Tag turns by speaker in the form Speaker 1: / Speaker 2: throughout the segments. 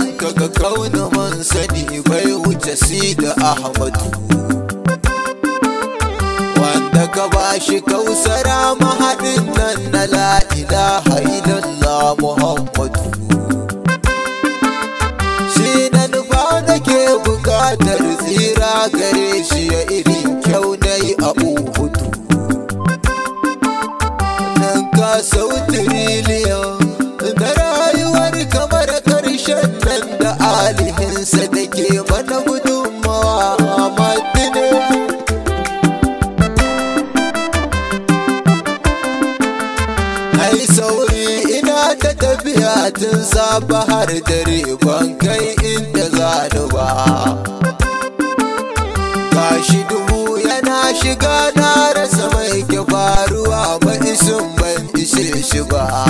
Speaker 1: Idan kaga kauna man sani bai wuce si da Ahmadu Wanda ka bashi kausara mahaɗin nan na la'ila illallah Muhammadu Shi na nufa nake bukatar tsira gare shi ya iri kyau na yi a Uhudu Nan ka sautin miliyan da rayuwar kamar ƙarshen alihinsa da ke mana gudunmawa madina ai sauri ina ta tafiya tun safa har dare ban kai inda ni ba shi dubu yana shiga na rasa mai ke ba isin ban ishe shi ba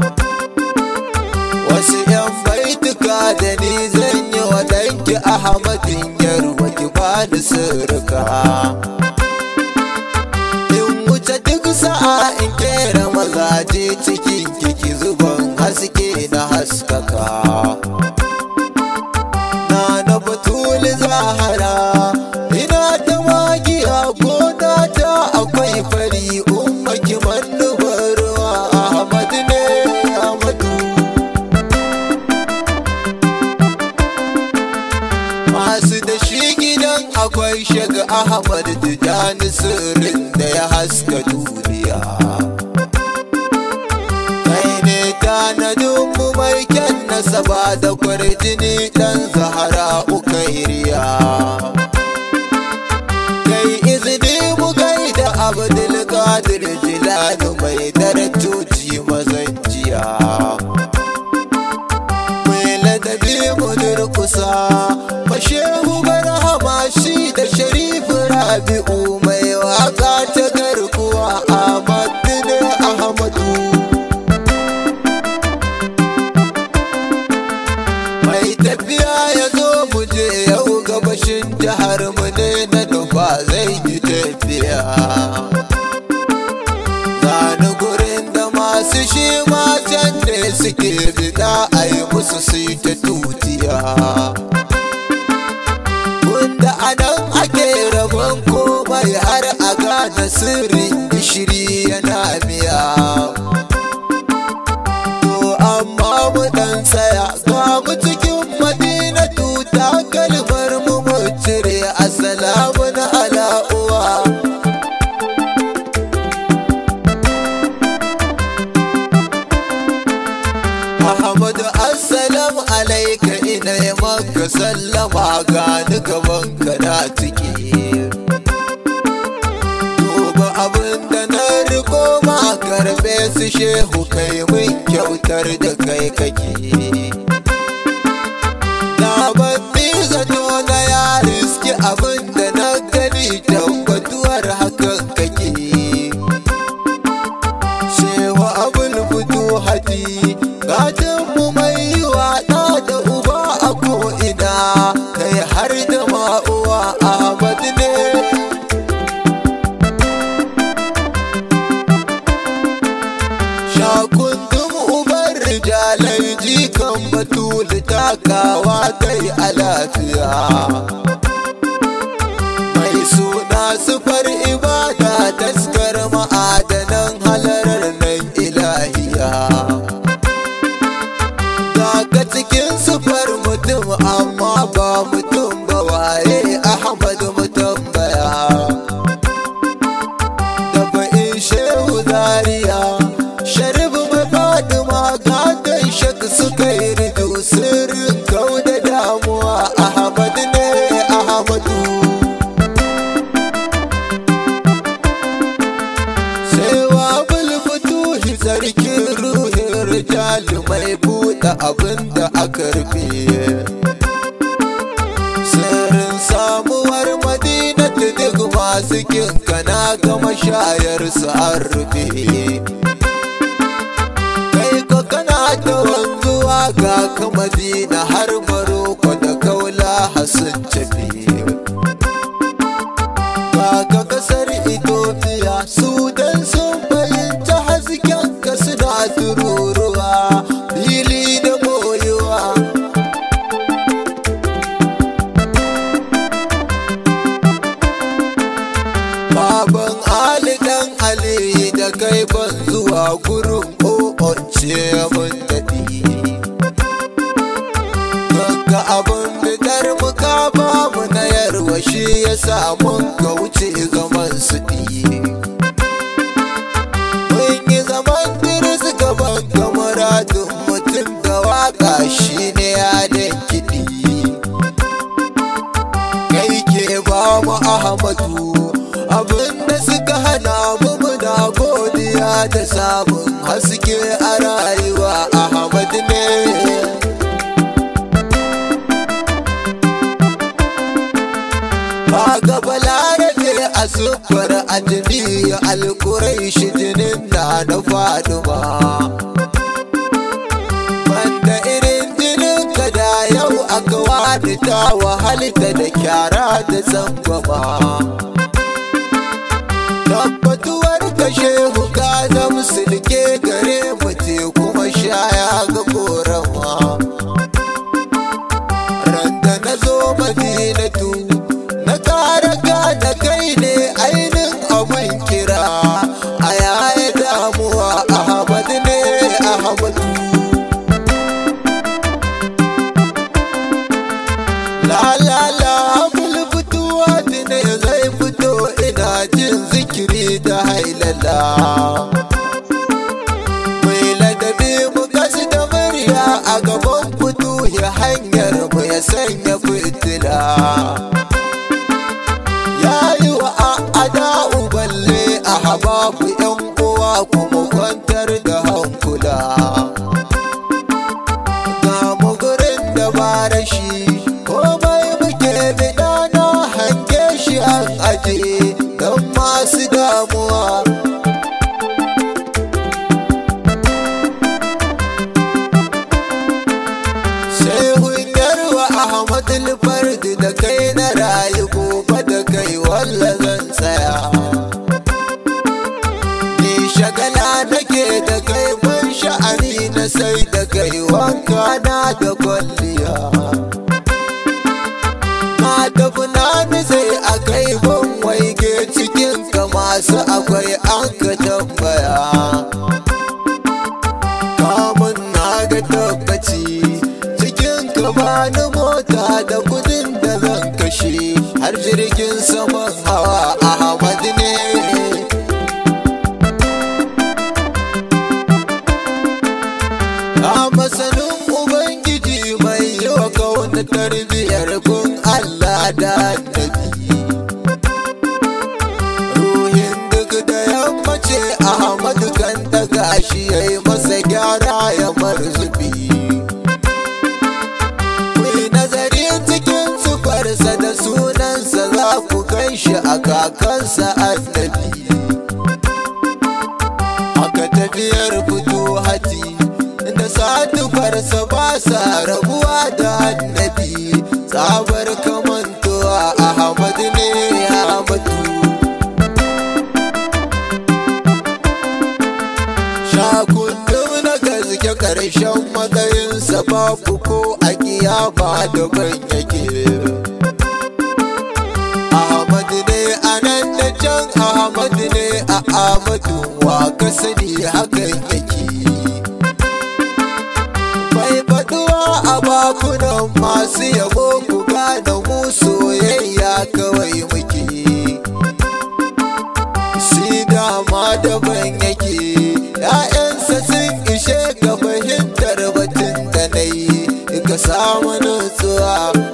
Speaker 1: Ahmadin yarba ki bani sirka In wuce duk sa'a in kera maza mazaje cikin kiki zuban haske na haskaka Na na batuli zahara daga ahmad tijani sirrin da ya haska duniya kai ne tanadin mu mai kyan nasaba da kwarjini dan zahara uka iriya kai izini mu kai da abdul qadir jilani mai sirri gishiri yana miya to amma mu ɗan tsaya ga mu cikin madinatu ta kalmar mu mu cire na ala uwa Ahmadu assalamu alaika ina maka sallama ga duka banka na ciki su shehu kai mun kyautar da kai kake na batsi zato na ya riski abin da na gani lafiya masu kinka na gama shayar su an rufe kai ka kana ta wanzuwa ga kama na har maroko da kaula hasun ne abin daɗi Maka abin bidar muka na yarwa shi ya samun ka wuce zaman su ɗi Mun yi zaman diris gaban ga muradin mutum da waka shi ne yadin kiɗi Kai ke ba mu Ahmadu abin da suka hana mu muna godiya da sabon alƙurai alkuraishi jinin na na faɗuma wanda irin jinin ka da yau aka wani ta wahalta da kyara da zangwama Oh. Muhammad Fardi da kai na rayu gobe da kai walla zan tsaya Ni shagala nake da kai ban sha'ani na sai da kai wanka na da kwalliya Na tafi sai a kai ban waige cikin ka masu akwai an ka tambaya Kamun na ga tabbaci cikin ka ba jirgin sama shi a kakansa annabi aka tafiyar fito hati da satukarsa ba sa rabuwa da annabi tsabar a ahmad ne ya ahmadu shakundum na gaske karshen matsayinsa babu ko a kiya ba da ban yake amadu wa ka sani hakan yake bai faɗuwa a bakunan masu yabo ku gada mu soyayya kawai muke si dama daban yake ‘ya'yansa sun ishe ga fahimtar batun da na ka samu nutsuwa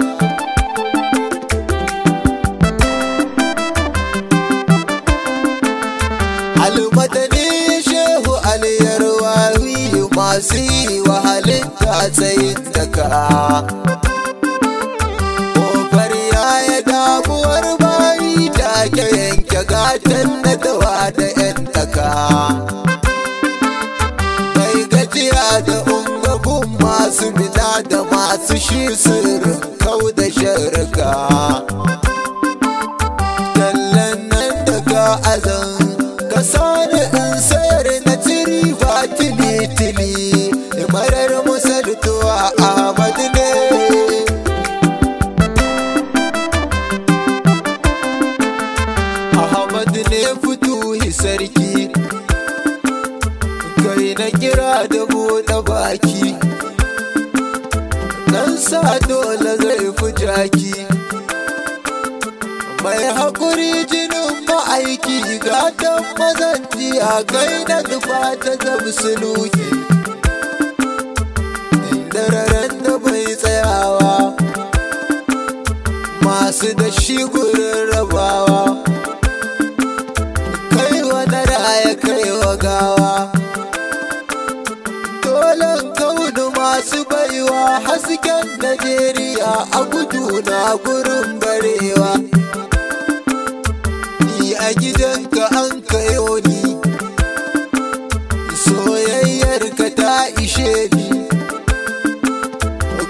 Speaker 1: a tsayin daka ƙofar yaya damuwar bayi ta ke yanke gatan na dawa da yan daka bai gajiya da ungagun masu bida da masu shi sirri sarki kai na kira da buɗe baki Nan sa dole zai fi jaki mai haƙuri jinin ma'aiki gatan mazanci a kai na zufa ta zamsuluki dararen da bai tsayawa masu da shi gurin cikin Najeriya a gudu na gurin barewa. Ni a ka an kayo ni, soyayyarka ta ishe ni.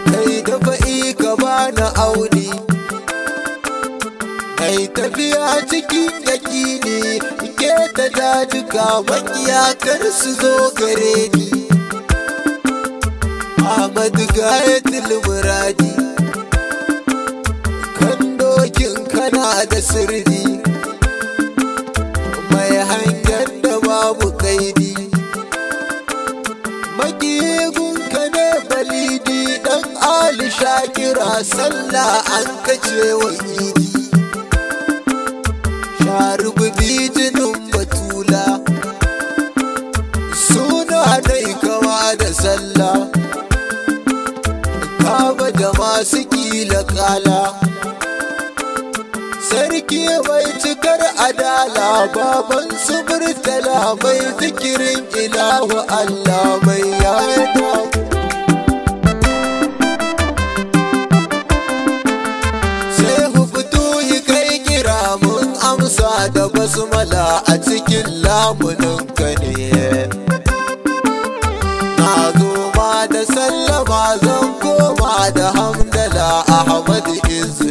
Speaker 1: Kai da fa'i ka bani auni, kai tafiya cikin yaƙini, ke ta dajuka makiya kar su zo gare ni. Ahmad Gayatul Muradi Kan dokin kana da sirri Mai hangen da babu kaidi Magigun ka ne balidi dan Ali Shakira sallah an kace wa Sharubu bijinin batula Suna dai kawa da sallah kila kala sarki bai cikar adala baban su bai mai zikirin ilahu allah mai yarda sai hufutu yi kai kira mun amsa da basmala a cikin lamunin ka ne na zo ma da sallama zan koma da hamdu it is